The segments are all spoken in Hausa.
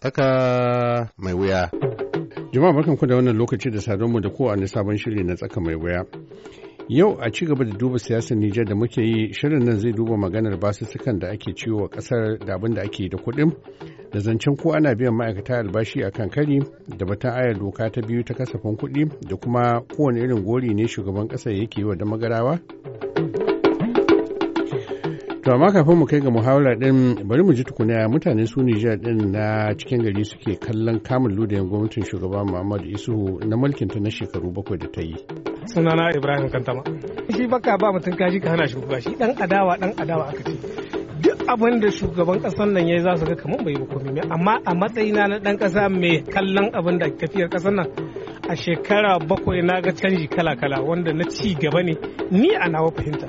tsaka mai wuya. Jama'a barkanku da wannan lokaci da mu da kowane sabon shiri na tsaka mai wuya. Yau a ci gaba da duba siyasar Nijar da muke yi shirin nan zai duba maganar basussukan da ake ciwo wa kasar da abin da ake da kuɗin da zancen ko ana biyan ma'aikata albashi a kan kari da batun ayar doka ta biyu ta kasafin kuɗi da kuma kowane irin gori ne shugaban ƙasar yake yi wa da magarawa To amma kafin mu kai ga muhawara din bari mu ji tukuna mutane su Nijar din na cikin gari suke kallon kamun ludayen gwamnatin shugaba Muhammadu Isuhu na mulkin ta na shekaru bakwai da ta yi. Sunana Ibrahim Kantama. Shi baka ba mutum kaji ka hana shi kuka shi dan adawa dan adawa aka ce. Duk abin da shugaban kasan nan yayi za su ga kamar bai yi komai amma a matsayina na dan kasa mai kallon abin da tafiyar kasan nan a shekara bakwai na ga canji kala-kala wanda na ci gaba ne ni a nawa fahimta.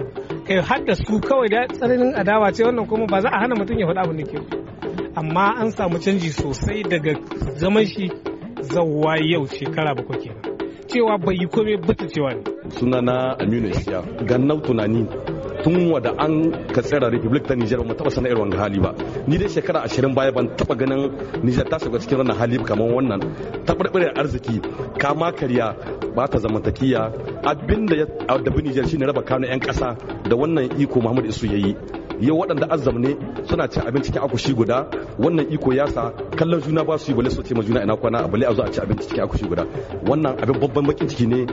Eh, har da su kawai da tsananin adawa ce wannan kuma ba za a hana mutum ya faɗa abin da ke amma an samu canji sosai daga zaman shi zawwa yau shekara bakwai kenan cewa bai yi komai bata cewa ne suna na aminu isiya gannau tunani tun wada an tsira republic ta nijar ba taba sanar irin hali ba ni dai shekara ashirin baya ban taba ganin nijar ta shiga cikin wannan hali kamar wannan taɓarɓarar arziki kama karya ba ta zamantakiya abinda ya dabi nijar shine raba kano yan ƙasa da wannan iko muhammadu isu ya yi yau waɗanda ne suna ci abinci cikin akushi guda wannan iko ya sa kallon juna ba su yi bale su ce ma juna ina kwana a bale a zo a ci abinci cikin akushi guda wannan abin babban bakin ciki ne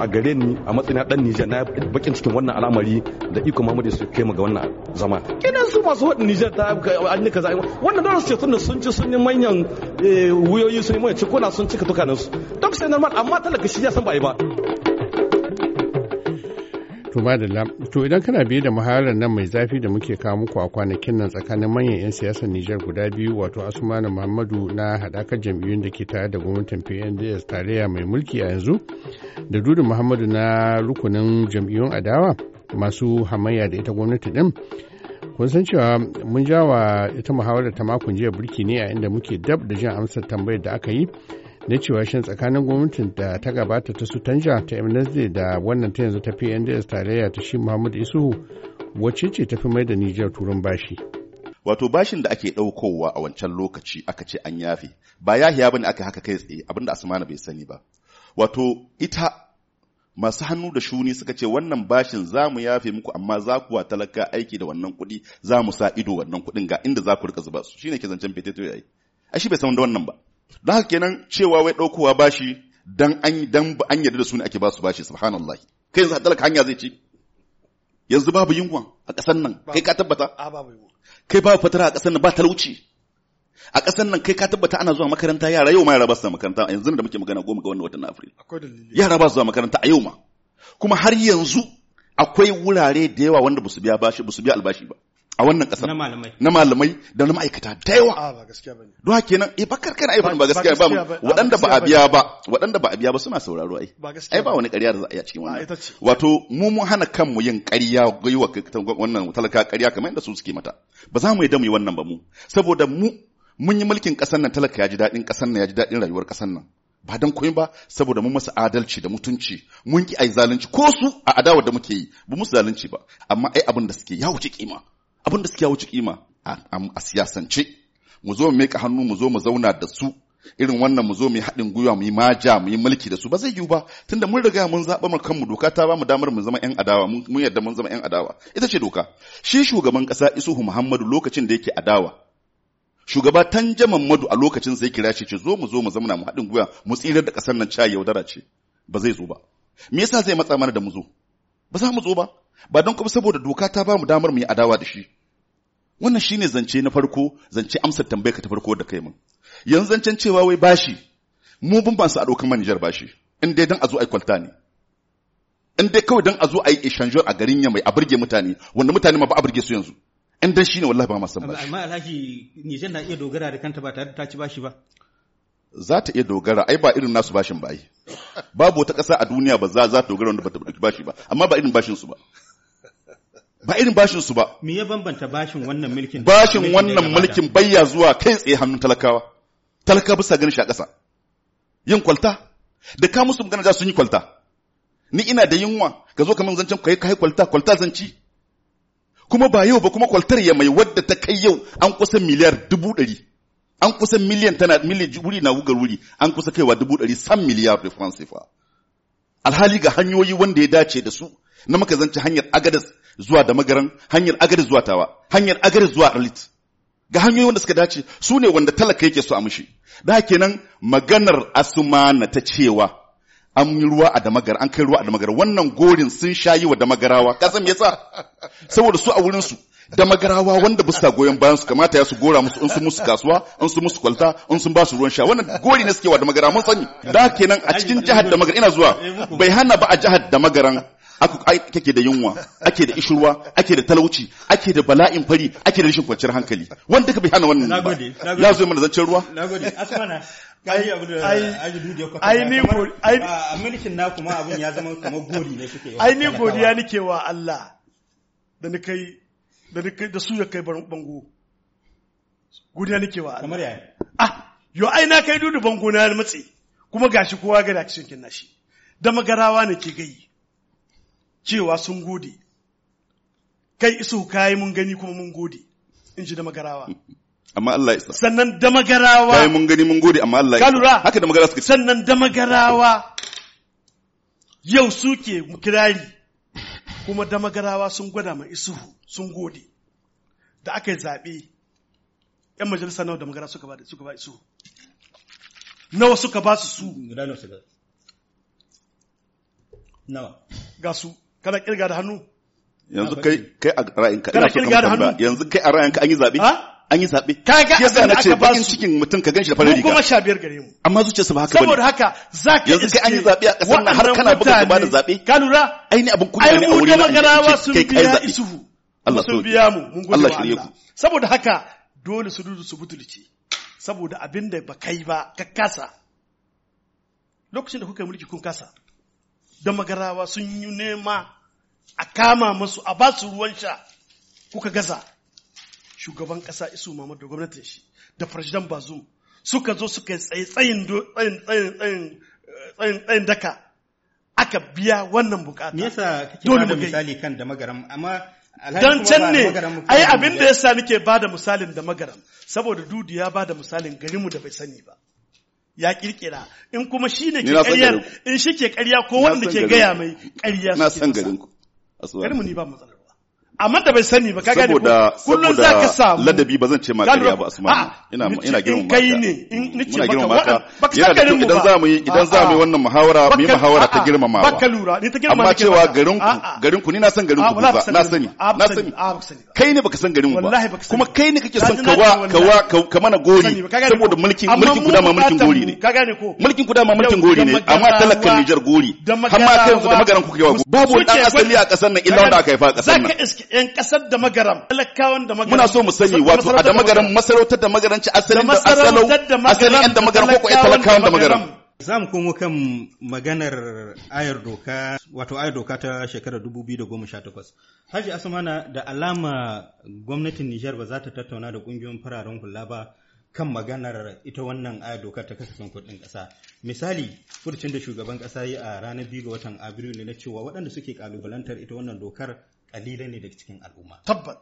a gare ni a matsayin dan Nijar na bakin cikin wannan al'amari da iko Muhammadu su kai mu ga wannan zama kenan su masu wadin Nijar ta an yi kaza wannan dole su ce tunda sun ci sun yi manyan eh, wuyoyi sun yi manyan cikuna sun cika tukanin su duk sai normal amma talaka shi ya san ba yi ba To madalla, to idan kana biye da muhawarar nan mai zafi da muke kawo muku a kwanakin nan tsakanin manyan 'yan siyasar Nijar guda biyu wato Asmanu Muhammadu na haɗakar jam'iyyun da ke tare da gwamnatin PNDS tarayya mai mulki a yanzu da Dudu Muhammadu na rukunin jam'iyyun adawa masu hamayya da ita gwamnati din. Kun san cewa mun jawa ita muhawarar ta makon jiya burki ne a inda muke dab da jin amsar tambayar da aka yi na cewa shan tsakanin gwamnatin da ta gabata ta su tanja ta mnsd da wannan ta yanzu ta pnds tarayya ta shi muhammad isuhu wacce ce ta fi mai da nijar turin bashi wato bashin da ake daukowa a wancan lokaci aka ce an yafe ba yahiya bane aka haka kai tsaye abinda asmana bai sani ba wato ita masu hannu da shuni suka ce wannan bashin za mu yafe muku amma za ku wa talaka aiki da wannan kuɗi za mu sa ido wannan kuɗin ga inda za ku rika zuba su shine ke zancen fete ai shi bai san da wannan ba Da haka kenan cewa wai ɗaukowa bashi dan an dan an yarda da su ne ake ba su bashi subhanallahi. Kai yanzu talaka hanya zai ci. Yanzu babu yunwa a ƙasar nan kai ka tabbata? Kai babu fatara a ƙasar nan ba talauci. A ƙasar nan kai ka tabbata ana zuwa makaranta yara yau ma yara ba su makaranta yanzu da muke magana goma ga wannan watan Afril. Yara ba su zuwa makaranta a yau ma. Kuma har yanzu akwai wurare da yawa wanda ba su biya bashi ba su biya albashi ba. a wannan kasar na malamai da na ma'aikata da yawa don haka kenan ya eh, bakar kana aifin ba gaskiya ba waɗanda ba a biya ba waɗanda ba a biya ba suna sauraro ai ai ba wani ƙarya da za a yi a cikin wannan wato mu mun hana kanmu yin ƙarya yi wa wannan talaka ƙarya kamar yadda su suke mata ba za mu yi da mu yi wannan ba mu saboda mu mun yi mulkin ƙasar nan talaka ya ji daɗin ƙasar nan ya ji daɗin rayuwar ƙasar nan ba don koyi ba saboda mun masa adalci da mutunci mun ki ai zalunci ko su a adawar da muke yi ba musu zalunci ba amma ai abin da suke ya wuce kima abin da suke wuce kima a siyasance mu zo mu meka hannu mu zo mu zauna da su irin wannan mu zo mu yi haɗin gwiwa mu yi maja mu yi mulki da su ba zai yiwu ba tunda mun riga mun zaɓa mun kanmu doka ta ba mu damar mu zama 'yan adawa mun yarda mun zama 'yan adawa ita ce doka shi shugaban ƙasa isuhu muhammadu lokacin da yake adawa shugaba tanja mammadu a lokacin sai kira shi ce zo mu zo mu zamana mu haɗin gwiwa mu tsira da ƙasar nan ca yaudara ce ba zai zo ba me yasa zai matsa mana da mu zo ba za mu zo ba ba don kuma saboda doka ta ba mu damar mu yi adawa da shi Wannan shine zance na farko, zance amsar tambayar ka ta farko da kai mun. Yanzu zancen cewa wai bashi, mu bin ban su a ɗaukan manijar bashi, in dai don a zo a kwalta ne. In dai kawai don a zo a yi ishanjiyar a garin yamai a burge mutane, wanda mutane ma ba a burge su yanzu. In dai shine wallahi ba ma san bashi. Amma alhaji Nijar na iya dogara da kanta ba tare da ta ci bashi ba. Za ta iya dogara, ai ba irin nasu bashin ba ai. Babu wata ƙasa a duniya ba za za ta dogara wanda ba ta bashi ba, amma ba irin bashin su ba. ba irin bashin su ba me ya bambanta bashin wannan mulkin bashin wannan mulkin bayya zuwa kai tsaye hannun talakawa talaka bisa ganin shi a ƙasa yin kwalta da ka musu magana za su yi kwalta ni ina da yunwa ka zo kamar zancen kai kai kwalta kwalta zanci kuma ba yau ba kuma kwaltar ya mai wadda ta kai yau an kusan miliyar dubu ɗari an kusan miliyan tana miliyan wuri na wugar wuri an kusa kaiwa dubu ɗari san miliyar da france alhali ga hanyoyi wanda ya dace da su na maka zance hanyar agadas zuwa da magaran hanyar agari zuwa tawa hanyar agari zuwa arlit ga hanyoyi wanda suka dace su ne wanda talaka yake so a mushi da kenan maganar asumana ta cewa an yi ruwa a damagar an kai ruwa a damagar wannan gorin sun shayi wa damagarawa kasan me yasa saboda su a wurin su damagarawa wanda ba sa goyon bayan su kamata ya su gora musu in su musu kasuwa in su musu kwalta in sun ba su ruwan sha wannan gori ne suke wa damagara mun sani da kenan a cikin jihar damagar ina zuwa bai hana ba a jihar damagaran kake da yunwa ake da ishirwa ake da talauci ake da bala'in fari ake da rashin kwanciyar hankali wanda ka bai hana wannan ba ya zo mana zancen ruwa mulkin na kuma abin ya zama kamar gori ne suke ai ni godiya nake wa Allah da ni kai da ni kai da su ya kai bango godiya nake wa Allah kamar yaya ah yo ai na kai dudu bango na matsi kuma gashi kowa ga da cikin nashi da magarawa nake gai cewa sun gode kai isu kayi mun gani kuma mun gode in ji da magarawa amma Allah ya isa sannan da magarawa kayi mun gani mun gode amma Allah ya isa haka da magarawa suka sannan da magarawa yau suke kirari kuma da magarawa sun gwada ma isuhu sun gode da aka yi zaɓe ‘yan majalisa nawa da magara suka ba suka ba isuhu nawa suka ba su su nawa ga su kana kirga da hannu yanzu kai kai a ra'ayinka kana kirga da hannu yanzu kai a ra'ayinka an yi zabe an yi zabe kaga yasa na ce bakin cikin mutum ka ganshi da farin riga goma sha biyar gare mu amma zuciyarsa ba haka bane saboda haka zaka yanzu kai an yi zabe a kasar nan har kana buga gaba da zabe ka lura aini ne abin kunya ne a wurin wa sun biya isuhu Allah sun biya mu mun gode wa Allah saboda haka dole su dudu su butulci saboda abin da ba kai ba ka kasa lokacin da kuka mulki kun kasa da magarawa sun yi nema a kama masu a ba su ruwan sha kuka gaza shugaban ƙasa isu mamadu da gwamnatin shi da farshidan bazu suka zo suka yi tsayin tsayin daka aka biya wannan bukata me yasa kake ba da misali kan da magaram amma don can ne ai abin da yasa nake ba da misalin da magaram saboda dudu ya ba da misalin garinmu da bai sani ba ya kirkira in kuma shi ne ke ƙaryar in shi ke ƙarya ko wanda ke gaya mai ƙarya na san garinku. Garinmu ni ba matsala amma da bai sani ba kaga da kullun za ka samu ladabi ba zan ce ma kariya ba asma ah, ina ina girman maka kai ne in nace maka baka ka. garin mu idan zamu yi idan zamu yi ah, ah. wannan muhawara mu yi muhawara ta girmamawa baka lura ni ta girmama amma cewa garin ku garin ku ni na san garin ku ba na sani na sani kai ne baka san garin mu ba kuma kai ne kake son kawa kawa ka mana gori saboda mulkin mulkin ku dama mulkin gori ne kaga ne ko mulkin ku dama mulkin gori ne amma talakan Niger gori har ma kai yanzu da magaran ku wa babu dan asali a kasar nan illa wanda aka haifa a kasar nan 'yan kasar da magaram talakawan da magaram muna so mu sani wato a da magaram masarautar da magaram ci asalin da asalin asalin da magaram ko ko talakawan da magaram za mu komo kan maganar ayar doka wato ayar doka ta shekarar 2018 haji asmana da alama gwamnatin Nijar ba za ta tattauna da kungiyoyin fararen hula ba kan maganar ita wannan ayar dokar ta kasafin kuɗin ƙasa misali furcin da shugaban ƙasa yi a ranar biyu ga watan Abiru ne na cewa waɗanda suke ƙalubalantar ita wannan dokar kalilan ne daga cikin al'umma tabbas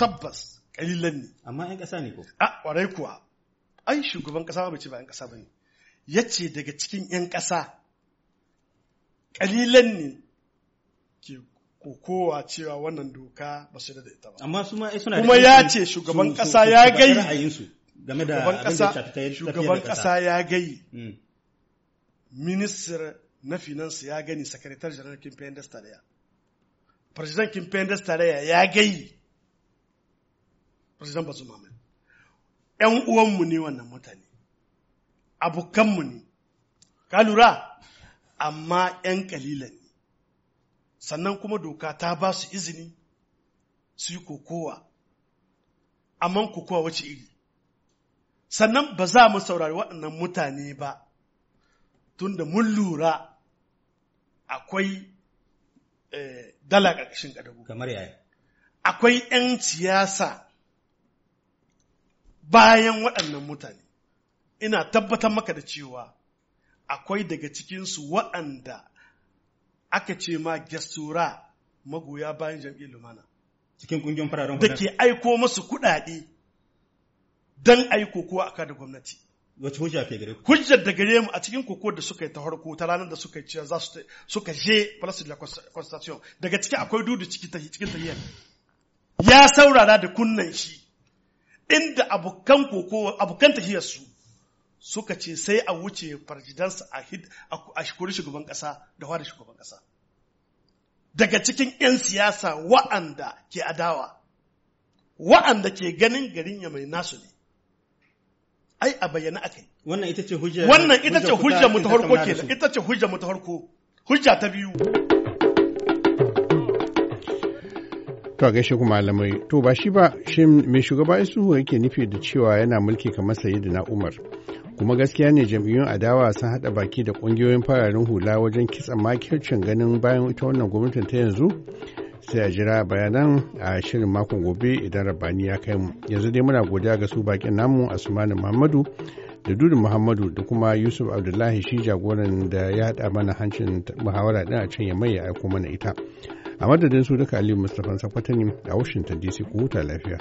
tabbas kalilan ne amma yan ƙasa ne ko a ah, kwarai kuwa ai shugaban ƙasa ba ce ba yan ƙasa bane ce daga cikin yan ƙasa kalilan ne ke kowa cewa wannan doka ba su da ita ba amma su ma suna kuma ya ce shugaban ƙasa ya gai game da shugaban ƙasa ya gai mm. minister na finance ya gani sakaritar janar kimfe da ya president kin pendas ya gayi president basu mamun yan uwanmu ne wannan mutane abokanmu ne ka lura amma yan kalilan ne sannan kuma doka ta ba su izini su yi kokowa amma kokowa wace iri sannan ba za mu saurari waɗannan mutane ba tunda mun lura akwai Eh, dala ƙarƙashin Kamar yaya. Akwai 'yan siyasa bayan waɗannan mutane, ina tabbatar maka da cewa akwai daga cikinsu waɗanda aka ce ma gasura magoya bayan jam'iyyar lumana. Cikin ƙungiyar fararen Da ke aiko masu kuɗaɗe don aiko ko aka da gwamnati. wace hujja ke gare ku hujjar da gare mu a cikin koko da suka yi ta harko ta ranar da suka yi za su suka je de la Constitution daga ciki akwai dudu cikin ta cikin ta ya saurara da kunnan shi inda abokan koko abokan tahiyar su suka ce sai a wuce farjidansa a hid a shikuri shugaban kasa da wani shugaban kasa daga cikin 'yan siyasa wa'anda ke adawa wa'anda ke ganin garin ya mai nasu ne ai a bayyana akai wannan ita ce hujja wannan ita ce hujja mu ta farko kenan ita ce hujja mu ta farko hujja ta biyu To gaishe kuma malamai, to ba shi ba shin mai shugaba Isuhu yake nufi da cewa yana mulki kamar Sayyidina Umar. Kuma gaskiya ne jam'iyyun adawa sun haɗa baki da ƙungiyoyin fararen hula wajen kitsa makircin ganin bayan ita wannan gwamnatin ta yanzu sai a jira bayanan a shirin makon gobe idan rabani ya kai mu yanzu dai muna godiya ga su bakin namu asmanu muhammadu da dudu muhammadu da kuma yusuf abdullahi shi jagoran da ya haɗa mana hancin muhawara ɗin a can ya mai ya aiko mana ita a madadin su duka aliyu mustapha sakwatani a washington dc ku huta lafiya